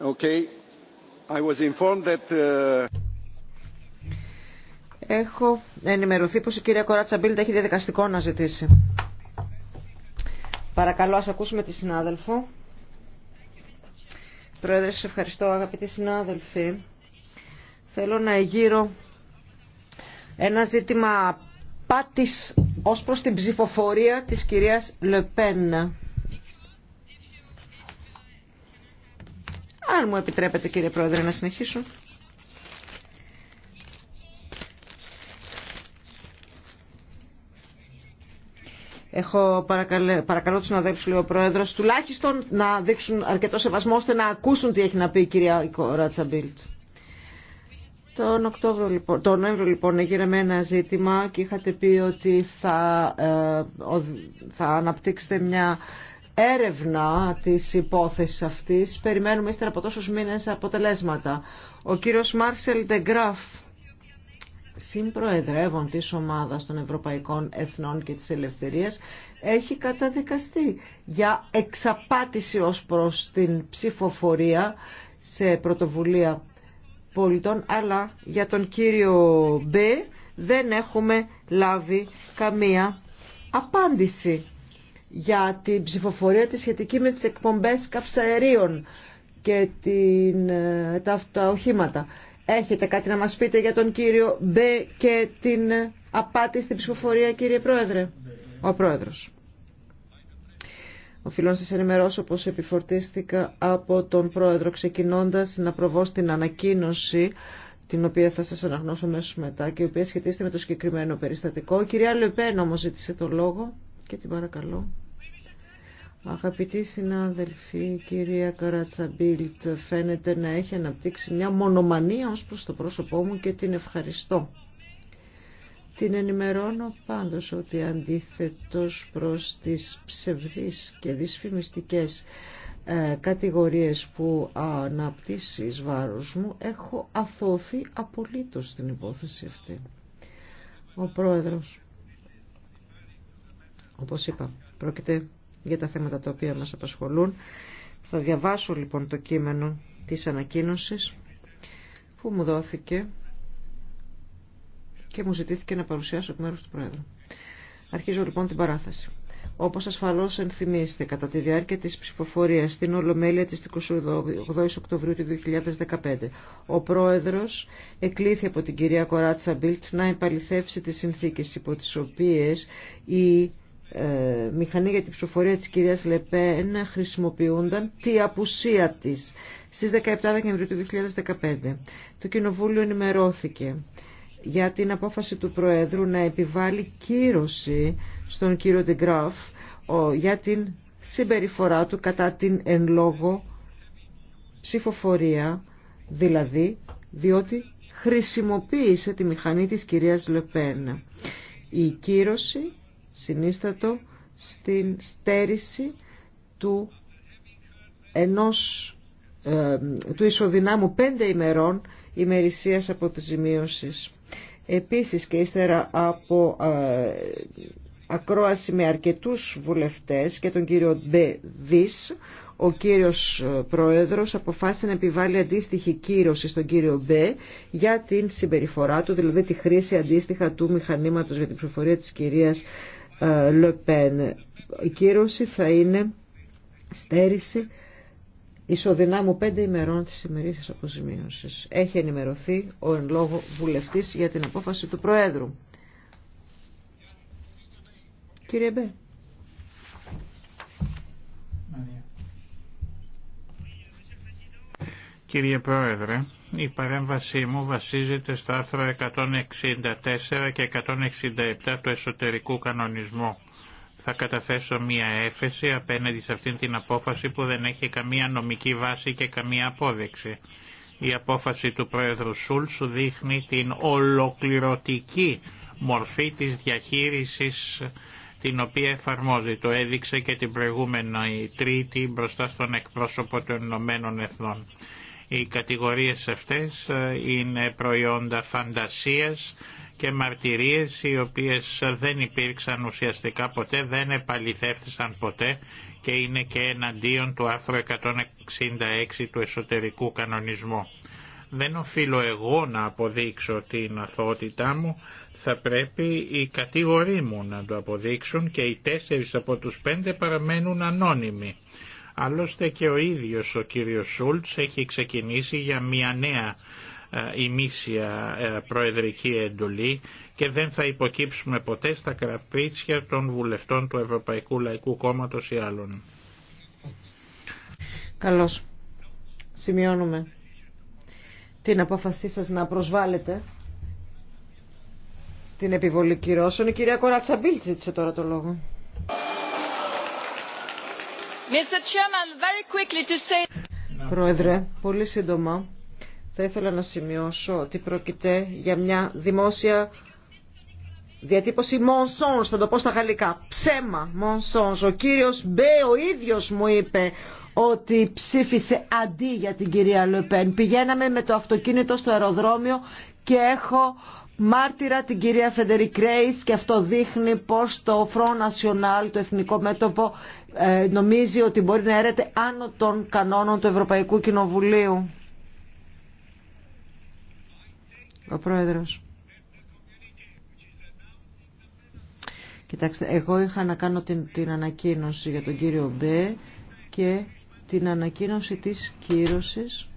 Uh, Έχω ενημερωθεί πως η κυρία Κοράτσα Μπίλτα έχει διαδικαστικό να ζητήσει. Παρακαλώ ας ακούσουμε τη συνάδελφο. Πρόεδρε, σας ευχαριστώ αγαπητοί συνάδελφοι. Θέλω να εγείρω ένα ζήτημα πάτης ως προς την ψηφοφορία της κυρίας Λεπέν. Αν μου επιτρέπετε κύριε Πρόεδρε να συνεχίσω. Έχω παρακαλώ, παρακαλώ τους αδέλφους, λέει ο Πρόεδρος, τουλάχιστον να δείξουν αρκετό σεβασμό ώστε να ακούσουν τι έχει να πει η κυρία Ράτσα Μπίλτ. Τον, Οκτώβριο, λοιπόν, τον Νοέμβριο λοιπόν έγινε ένα ζήτημα και είχατε πει ότι θα, ε, θα αναπτύξετε μια έρευνα της υπόθεσης αυτής. Περιμένουμε ύστερα από τόσους μήνες αποτελέσματα. Ο κύριος Μάρσελ Ντεγκράφ, συμπροεδρεύων της ομάδας των Ευρωπαϊκών Εθνών και της Ελευθερίας, έχει καταδικαστεί για εξαπάτηση ως προς την ψηφοφορία σε πρωτοβουλία πολιτών, αλλά για τον κύριο Μπέ δεν έχουμε λάβει καμία απάντηση για την ψηφοφορία τη σχετική με τις εκπομπές καυσαερίων και την, ε, τα, αυτά οχήματα. Έχετε κάτι να μας πείτε για τον κύριο Μπέ και την ε, απάτη στην ψηφοφορία κύριε Πρόεδρε. Ο Πρόεδρος. Οφείλω να σας ενημερώσω πως επιφορτίστηκα από τον Πρόεδρο ξεκινώντας να προβώ στην ανακοίνωση την οποία θα σας αναγνώσω μέσω μετά και η οποία σχετίζεται με το συγκεκριμένο περιστατικό. Η κυρία Λεπέν όμως ζήτησε το λόγο και την παρακαλώ. Αγαπητοί συνάδελφοι, η κυρία Καρατσαμπίλτ φαίνεται να έχει αναπτύξει μια μονομανία ως προς το πρόσωπό μου και την ευχαριστώ. Την ενημερώνω πάντως ότι αντίθετος προς τις ψευδείς και δυσφημιστικές ε, κατηγορίες που αναπτύσσει βάρος μου, έχω αθωθεί απολύτως την υπόθεση αυτή. Ο πρόεδρος. Όπως είπα, πρόκειται για τα θέματα τα οποία μας απασχολούν. Θα διαβάσω λοιπόν το κείμενο της ανακοίνωσης που μου δόθηκε και μου ζητήθηκε να παρουσιάσω εκ μέρους του Πρόεδρου. Αρχίζω λοιπόν την παράθεση. Όπως ασφαλώς ενθυμίστε, κατά τη διάρκεια της ψηφοφορίας στην Ολομέλεια της 28 Οκτωβρίου του 2015, ο Πρόεδρος εκλήθη από την κυρία Κοράτσα Μπίλτ να επαληθεύσει τις συνθήκες υπό τις οποίες η ε, μηχανή για την ψηφοφορία της κυρίας Λεπέν χρησιμοποιούνταν τη απουσία της στις 17 Δεκεμβρίου του 2015. Το Κοινοβούλιο ενημερώθηκε για την απόφαση του Προέδρου να επιβάλει κύρωση στον κύριο Ντεγκράφ για την συμπεριφορά του κατά την εν λόγω ψηφοφορία, δηλαδή διότι χρησιμοποίησε τη μηχανή της κυρίας Λεπέν. Η κύρωση συνίστατο στην στέρηση του ενός ε, του ισοδυνάμου πέντε ημερών ημερησίας ζημίωση. Επίσης και ύστερα από ε, ακρόαση με αρκετούς βουλευτές και τον κύριο Μπέ Δις, ο κύριος ε, Πρόεδρος αποφάσισε να επιβάλλει αντίστοιχη κύρωση στον κύριο Μπέ για την συμπεριφορά του, δηλαδή τη χρήση αντίστοιχα του μηχανήματος για την ψηφοφορία της κυρίας Λεπέν. Η κύρωση θα είναι στέρηση ισοδυνάμου πέντε ημερών της ημερήσης αποζημίωσης. Έχει ενημερωθεί ο εν λόγω βουλευτής για την απόφαση του Προέδρου. Κύριε Μπέ. Κύριε Πρόεδρε, η παρέμβασή μου βασίζεται στα άρθρα 164 και 167 του εσωτερικού κανονισμού. Θα καταθέσω μία έφεση απέναντι σε αυτήν την απόφαση που δεν έχει καμία νομική βάση και καμία απόδειξη. Η απόφαση του Πρόεδρου σου δείχνει την ολοκληρωτική μορφή της διαχείρισης την οποία εφαρμόζει. Το έδειξε και την προηγούμενη Τρίτη μπροστά στον εκπρόσωπο των Ηνωμένων Εθνών. Οι κατηγορίες αυτές ε, είναι προϊόντα φαντασίας και μαρτυρίες οι οποίες δεν υπήρξαν ουσιαστικά ποτέ, δεν επαληθεύθησαν ποτέ και είναι και εναντίον του άρθρου 166 του εσωτερικού κανονισμού. Δεν οφείλω εγώ να αποδείξω την αθωότητά μου, θα πρέπει οι κατηγοροί μου να το αποδείξουν και οι τέσσερις από τους πέντε παραμένουν ανώνυμοι. Άλλωστε και ο ίδιος ο κύριος Σούλτς έχει ξεκινήσει για μια νέα ε, ημίσια ε, προεδρική εντολή και δεν θα υποκύψουμε ποτέ στα κραπίτσια των βουλευτών του Ευρωπαϊκού Λαϊκού Κόμματος ή άλλων. Καλώς. Σημειώνουμε την απόφασή σας να προσβάλετε την επιβολή κυρώσεων. Η κυρία Κοράτσα Μπίλτζιτσε τώρα το λόγο. Πρόεδρε, πολύ σύντομα θα ήθελα να σημειώσω ότι πρόκειται για μια δημόσια διατύπωση mensonge, θα το πω στα γαλλικά, ψέμα, mensonge. Ο κύριος Μπέ ο ίδιος μου είπε ότι ψήφισε αντί για την κυρία Λεπέν. Πηγαίναμε με το αυτοκίνητο στο αεροδρόμιο και έχω μάρτυρα την κυρία Φεντερικ Κρέης και αυτό δείχνει πως το Front National, το Εθνικό Μέτωπο, ε, νομίζει ότι μπορεί να έρεται άνω των κανόνων του Ευρωπαϊκού Κοινοβουλίου. Ο Πρόεδρος. Κοιτάξτε, εγώ είχα να κάνω την, την ανακοίνωση για τον κύριο Μπέ και την ανακοίνωση της κύρωσης